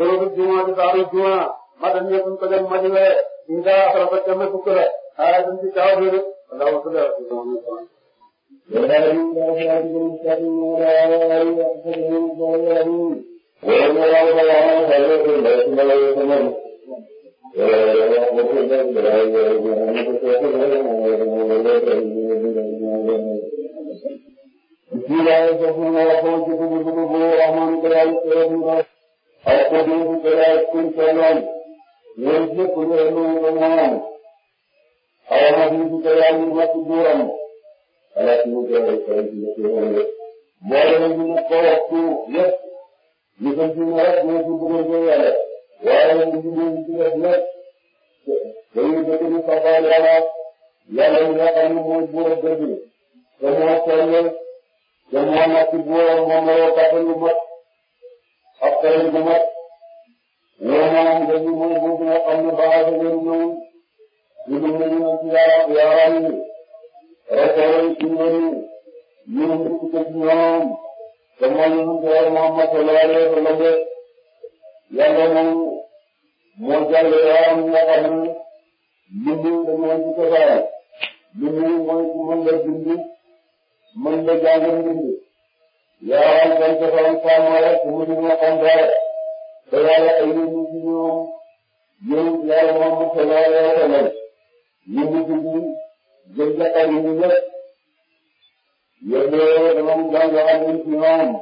loolu jumaa ji baaxul jumaa ma dem ñëpp ko dem ma ji wee ñu daa rafet dem fukk la xaaral dem ci kaw bi rek ndax wax dëgg yàlla. ak kaddu bu gëlaay kuñ feeñoon ñoom ñëpp ñu ëllëgoo ko moom aw ma fi ñu gëlaay ñu màcc buuram ala ci ñu gëlaay kay ci ñu gëlaay mboolem ñu mu ko wax ci yëpp ñu ko ci ñu rek ñu ci bëgg ko yàlla waaye ñu ci ñu ci def lépp dañuy dëkk di safaa yàlla yàlla ñu nga xam ne mooy buur dëgg te moo feeñal te moo màcc buuram moom la yoo kàttan lu mat ak xëy bu mat nga xam ne baax a leen ñëwul ñu mën nañu ci yaara yaara yi rafetlu ci ñoom ñu ngi ci ci ñoom te mooy ñu ngi ci Muhammad sallallahu alayhi wa sallam yàlla moom moo jàll yaram nga xam ne bindu dañoo ci cosaay bindu mooy ku yàlla dañ ko faral di sàmm rek mu ngi ñëw xam dara te yàlla ay nit ñi ñoom ñoom yàlla moom mu soxla yoo xam ne ñu ngi dugg jëm jàkkaar yi ñu ñëpp yéen ñoo dama mu daan wax ak ñun ci ñoom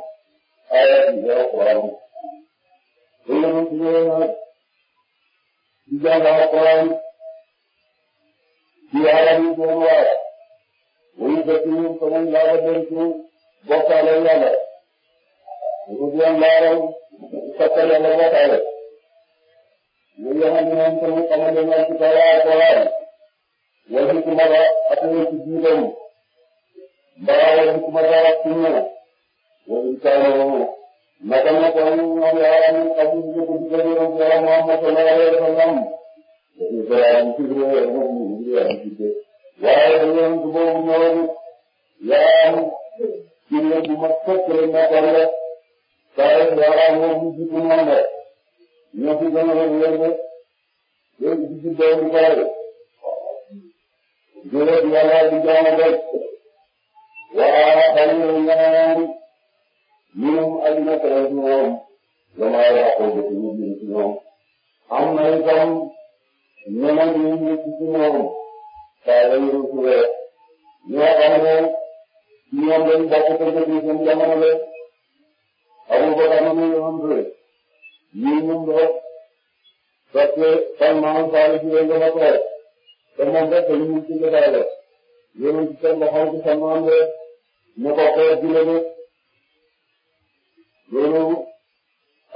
ay at yu bëri xuraan te yéen ñu ñëwee nag di jàng ak xuraan ci yàlla ñu gën waay wuyu ba ci ñun sama laa ba denc. bokkaale yàlla ruubiyan laaral soppa yàlla bokkaale li nga xam ne moom tamit xamante ne ci kawar kawar wala ci kuma ba ak wala ci jiitam mbaa wala ci kuma ba ak ci ñëw wala ci kaw moom naka nga ko moom yaa am ak ñu ko ci jëlee ak yàlla moom ma ko laalee sa ngam dañuy gërëm ci biir moom ñu ngi am ci biir waaye dañuy am ci boobu ñëwoon yaa am mat sëkk rek moo ko def saa yu yaakaar naa ñu jiitu moom la ñoo fi gën a wér wér de léegi jiitu doomu kawal jërëjëf yàlla di jaamu doy waaw xam nga ñaari ñoom ak ñett rek ñoom damaa yaakaar ne ñu ngi ci ñoom am na itam ñeneen ñu ngi ci ñoom saa yu ñu ngi ci ñoom ñoo xam ne. ñoom dañu bokk tënk ci seen jamono la Abubakar mu ngi am doole ñun ñun doole parce que fan maam Saal si lañ ko fa tooyee te moom rek dañu mën ci jotaay la yéen a ngi seen loxo ci fan maam la ñu ko xeer ji la def loolu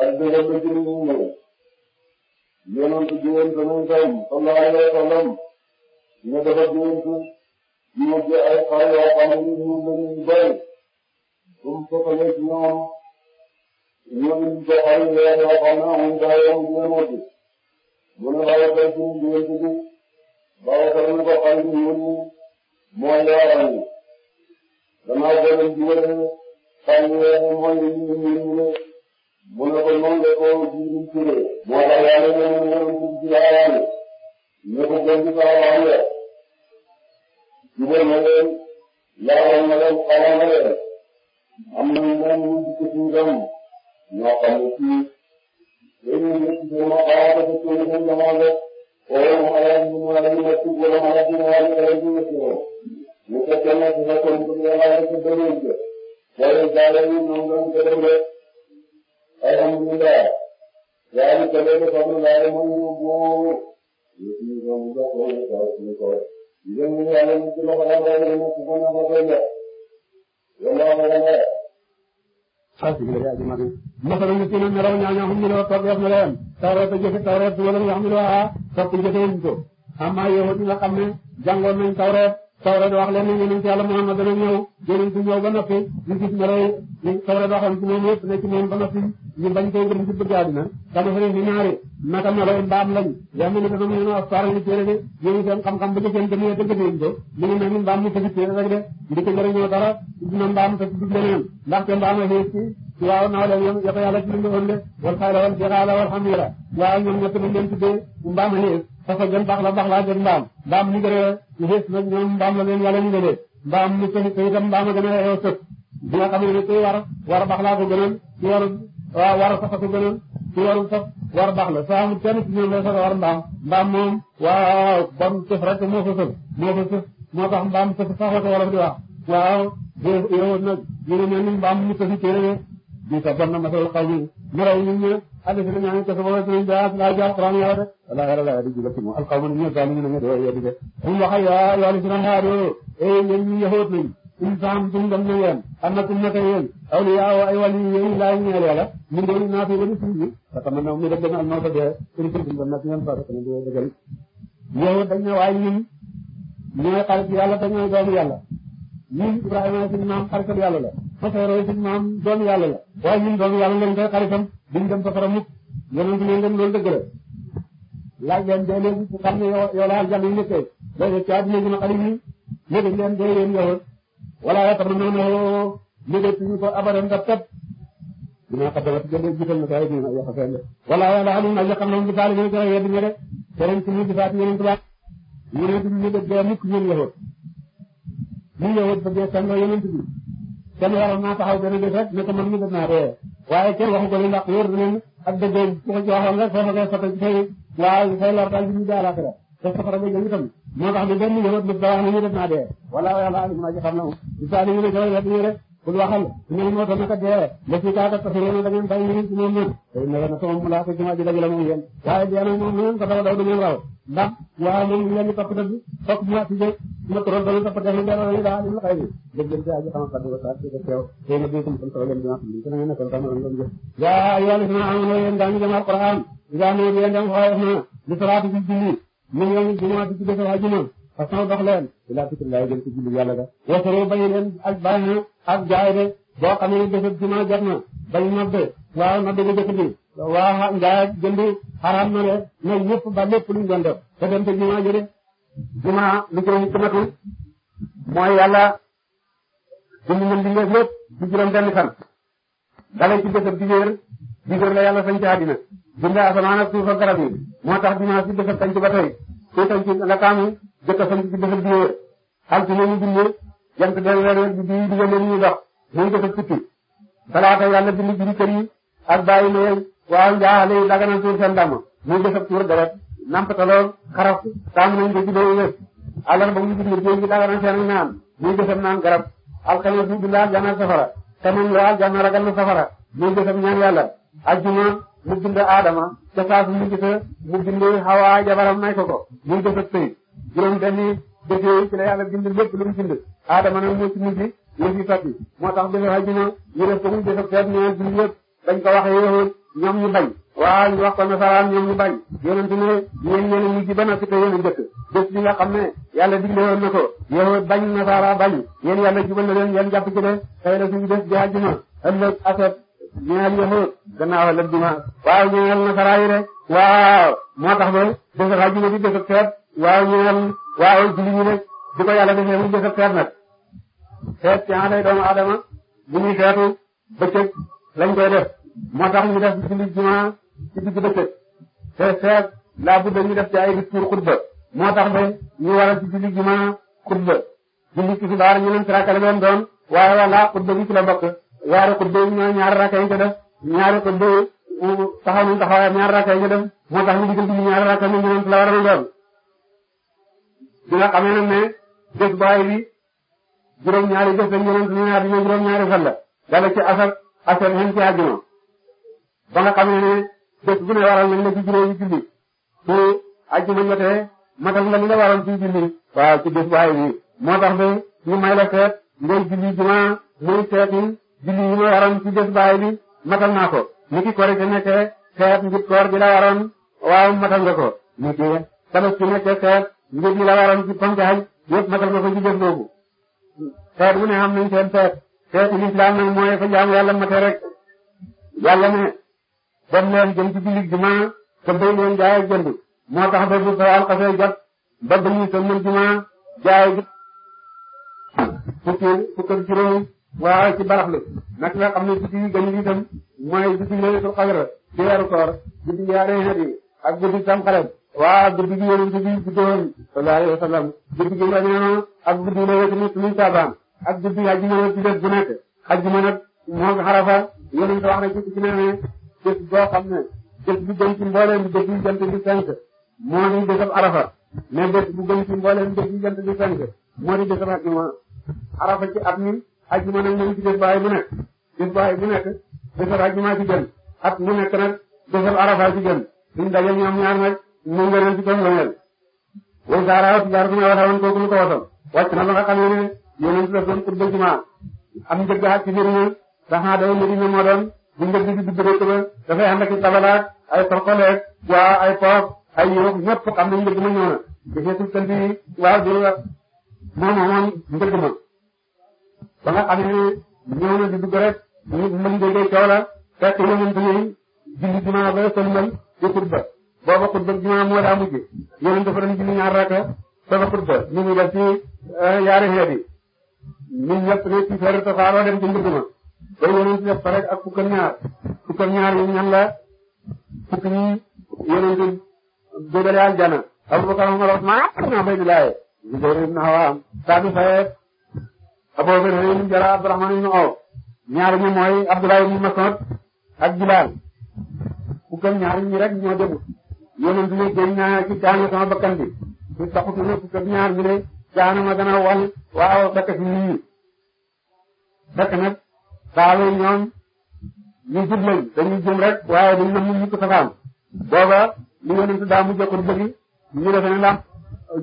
ak dëgër la ci li mu ñëw yéen a ngi ci jiwoon sa moom tam sallallahu alayhi wa sallam ñu dafa jiwoon ñu ci ay xar yoo xam ne ñu ngi bëri bu mu soxalee ci ñoom ñoom ñu ngi jox ay weer yoo xam ne amuñu saa yoo xam ne ñu ngi bu ñu xaw a koy suñu biir dugg ba nga xam ne ko xam ne ñun mooy loo xam ne danaa jëlee biir xam ne mooy li ñu ngi ñu bu ne ko noonu la ko jiitu ci biir. moo tax yàlla ñu ngi leen di jiitu ci yaayam ne ko gën di saa waxee. jubal na leen leeral na leen xamal na leen am na ñeneen ñu ngi ci suñu doom ñoo xam ne fii dañuy nekk ci suñu xawaare ci suñu suñu jamono rek wala mu xalaat ñu mën a ñu nekk wala mu xalaat ñu mën a ñu xalaat ñu nekk woon bu fekkee ne su fekkoon ñu ngi xalaat ci bëriwul bi wala daara yi ñoom ñoom ñu gërëm rek alhamdulilah yaa ngi gërëm rek xam nga daara moom ñu bu ñu suñu doom bu baax wala ñu xaw suñu kaw yéen ñu yàlla ñu ci loxo la nga yéen ci sama bopp yi def yéen laa ma leen def. ah si biir yàlla jëmm ak yéen. ñu gën a neraw ñaar ñoo xam ne dafa toog def na leen. tawreet a jëfe tawreet wala Tawreet wax leen ne yonent Yàlla Muhammad dana ñëw a bi ñëw ba noppi ñu gis ne rey li Tawreet waxoon ci moom yëpp ne ci moom ba noppi ñu bañ koy gëm ci bëgg àddina dama fa ne ni ñaari naka meloy mbaam lañ yaa mel ni dafa mel ne wax faara ñu téere de yéen seen xam-xam ba ca seen gëm yee dëgg déen de mu ngi mel ni mbaam mu tëgg téere rek de ndiki njëriñoo dara dina mbaam te dug leneen ndaxte mbaam a xiis ci ci waaw naaw leen ya ko yàlla ci lu ñu woon de wal xayla wal jiraala wal xamira waaw ñoom ñett lañ leen a fasa gën baax la baax laa gën mbaam mbaam ni gëree ñu xees nag ñoom mbaam la leen yàlla ñu gënee a ni sëf ko itam mbaam a gën a sëf bi nga xam ne kuy war war baax laa ko gënal a war waaw war a sax ko gënal ku war baax la saa kenn ci ñoom la sax war mbaam mbaam moom waaw bon sëf rek moo fa sëf moo fa mbaam sëf sax ko wolof di wax waaw yow nag mbaam mu sëfi téere biisa bon na masalul qawmi melaw nit eh, ñi alif la ñaan ko sabab sëriñ bi as laa jaar Qur'an yaw de wala xara la di jula ci mu al qawmi ñu dalu ñu do yeddi de hum waxa ya ya li sina haado e ñen ñu yahut lañ insaan dum dam na yeen annakum naka ay wali yeen la ñu ñeel yàlla ñu mi dab na al mawta de ci ci dum na ñen fa ta ñu de gal yow dañ na way ñun ñun Ibrahima suñu maam xaritam yàlla la Masoro suñu maam doomu yàlla la waaye ñun doomu yàlla lañ koy xaritam duñ dem safara mukk yonent bi leen loolu dëgg la laaj leen dee leen ku xam ne yow la aljanna yi nekkee léegi ci àdduna gën a xarit yi yëgal leen dee leen yow wala yaakaar naa ne nëgëtuñu ko abadan daf kat dinaa ko dawat gën jiital na ko ay dina yokk seen wala yàlla alim na xam nañ bisaale bi gën a yedd ñe de keneen ci ñu bisaat ñeneen tubaab ñu ne duñ ñu dëggee mukk ñun yahut bu ñëwee bëggee sànq yonent bi kenn waroon naa taxaw benn bés rek ne ko man mi def naa dee waaye kenn waxu ko li ndax wóor nañu ak waxoon rek foofa ngay sotti say waaw say lortaan bi ñu daal ak la te safara ba jëm itam moo tax bi benn yonent bi da wax ne ñu def naa dee wala wala alim ma ci xam na mu isaani ñu ne bul waxal ne moo doon naka dee la ci kaata parce que yéen da ngeen bàyyi yéen ci moom ñun mulaa ko jumaa ji dajale moom waaye dee na moom ngeen ko daw daw da ngeen raw ndax waaye moom mu wàcc jóg ma turoon dañu topp def dara dañu daa lim xëy bi dëgg leen ci aji xamal fàddu ko sax ci teew tey na bii na nekkal sama leen doon jëf yaa ayyuha alladhina amanu yéen daa ñu jëm alquran ida nu yéen dem xooyef na li salaatu bi julli façon dox leen ila fikrillaahi jëm ci julli yàlla ga wasaro bañi leen ak bàyyi ak jaay de boo xam ne defet juma jot na bañu nodde waaw nodde ga jëkk bi waa njaay jëndi xaram na le na yëpp ba lépp luñ doon def te dem te juma jëde juma lu ko hikmatu mooy yàlla jënd na mbindeef lépp ci benn fan dale ci defet dibéer moo tax juma si defet sañ ci ba tey su sañ la kaamu jëkk a sañ ci dafa biyee altine ñu bindee jant bee weer weer bi bii diggante ñu dox muy jëkk a tukki talaata yàlla bind bind kër yi ak bàyyi ne waaw njaale yi daganal tuur seen damm muy jëkk a tuur deret nampatalool xaraf taamu nañ ko ci doo wés alors ba mu bind géej gi daganal seen naan muy jëkk a naan garab alxames bi bind aljana ak safara te moom la aljana ragal na safara muy jëkk a ñaan yàlla ajjuma mu bind aadama ca saa su mu gisee mu bind xawaa jabaram may ko ko muy jëkk a sëy juróom benni dëkk yooyu ci la yàlla bind lépp lu mu bind aadama nag moo ci yi sotti moo tax defee àjjuma ñu def ko mu defee feet ñëwee julli yëpp dañ ko waxee yow ñoom ñu bañ waaw ñu wax ko nasaraan ñoom ñu bañ yonent ne ñeen ñeen mujj ba noppi te yéen a njëkk bés bi nga xam ne yàlla digle woon na ko yow bañ nasaara bañ yéen yàlla jubal na leen yéen jàpp ci de xëy na suñu bés bi àjjuma ëllëg aset ñeel yow gannaaw ëllëg juma waaw ñeel nasara yi rek waaw moo waaw ñu naan waaw ñi nag bu ko yàlla defee mu jëf ak xeet nag xeet ci lay doomu aadama bu ñuy xeetu bëccëg lañ koy def moo tax ñu def julli juma ci digg bëccëg te xeet laa bu ñu def ci ay discours xutba moo tax ba ñu waral ci julli juma xutba julli ci xibaar ñu leen trakale leen doon waaye wala xutba bi ci la bokk waaye xutba yi ñoo ñaari rakka yi ko def ñaari xutba yi taxaw nañ taxawaay ñaari rakka yi ko def moo tax ñu digal julli ñaari rakka ñu leen la bi nga xamee nag ne baay bi juróom-ñaari bés lañ yonent ñu ne àddina juróom-ñaari ci asar asar ba nga xamee ne bés bu ne waral nañ la ci juróomi julli su àjjuma jotee matal la li nga waral ci julli waaw ci bés baay bi moo tax ba ñu may la seet ngay julli juma muy seeti julli yi ma waroon ci bés baay bi matal naa ko ni ki korite nekkee seet ngir koor gi la waroon matal nga ko ni ki tabaski seet mbir mi la waroon ci ponk haj yëpp matal nga ko ci jëf boobu feet bu ne xam nañ seen feet feetu lislaam nag mooy fa jaamu yàlla mate rek leen jëm ci bilig jumaa te bay leen jaay ak jënd moo tax ba bu sawal xasee jot ba dañuy sëlmal jumaa jaay gi fukki fukki juróom waaw ci baraxlu nag nga xam ne guddi yi gën itam mooy guddi laylatul qadr ci weeru koor guddi yaare xet ak guddi tam xalam waaw guddi gi yonent bi guddoon sallallahu alayhi wasallam guddi gi Madina ak guddi léegi tamit muy Saabaan ak guddi xaj yonent bi def bu nekk xaj ma nag moom Arafa yonent wax ci ci ne bés boo xam ne bés bu gën ci mbooleem bés yi jant bi fenk moo di bésab Arafa mais bés bu ci mbooleem bés yi jant bi fenk moo di bésab xaj ma Arafa ci at mi xaj ma nag moom ci bés baay bu nekk bés baay bu nekk bésab xaj ma ci gën at mu nekk nag bésab Arafa ci gën suñ daje ñoom nga leen ci kenn lañ leen. si jaar bi ñu waxee woon kooku lu ko wasal. wàcc na ba nga xam ne ne yéen a ngi am njëgg ak ci biir sax naa doon Medina moo doon bu njëgg bi di dëkk ba dafay ànd ak ay torkoleeg waa ay poof ay yóob ñëpp xam nañ na. deseetul sant ma ba nga xam na di rek ñu mën déggee coow la fekk yéen a ngi fi julli jumaa ba sëlmal di booba xutba jumaa moo daa mujj yéen dafa doon julli ñaar rakka dafa xutba ñu ngi def ci yaari euh, xeet yi ñun ñëpp ne ci feeru tasaaroo dem ñaar fukk ak ñaar yi ñan la fukk yi yéen a ngi dégale aljana Abubakar Umar Usmaan naa bay di laaye Zubayr ibn Awaam Saadu Sayeed Abubakar ibn Jara Abdurahmaan ibn Awf ñaar ñi mooy Abdullah ibn Mas'ud ñoo déglu yonent bi génn naa ci daanu sama bakkan bi taxut na fukk ak ñaar bi ne jaanuma dana wal waaw fekk fi nit ñi fekk nag saalo ñoom ñu jub lañ dañuy jëm rek waaye dañ nam mu mukk safaan booba li yonent daa mujj ko bëgg ñu defe ne ndax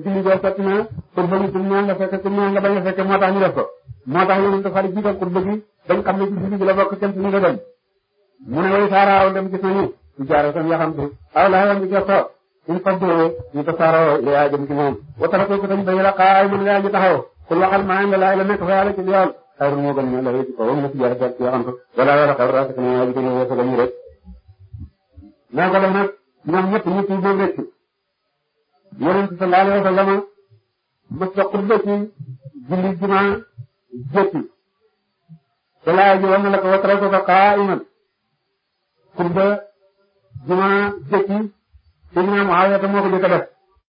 julli boo sotti na pour bëgg kum naan la fekk kum naan la bañ a fekk moo tax ñu def moo tax yonent xari jiital pour dañ xam ne ci julli mu ne way di jaaree tam yaxam bi aw laa yam bi jox ko il faut que ñu tasaaroo li yaa jëm ci moom. wa tarako ko tam dañu la xaay mën yaa ñu taxaw kul waxal maa ngi lay la nekk fa yàlla ci yoon xayru moo gën ñu la wécc ko wala si jaaree jàpp ci yaxam ko wala wala xayru rek ne yaa ngi gën a wécc ko ñu rek. naa ko def nag ñoom ñëpp ñu ciy dégg rek yonent sallallahu alayhi wa sallam mos a xutba ci julli jumaa jëtti te laa ji wan na la ko wa tarako ko xaayiman xutba juma jëkki Seydina Muawiya moo ko jëkk a def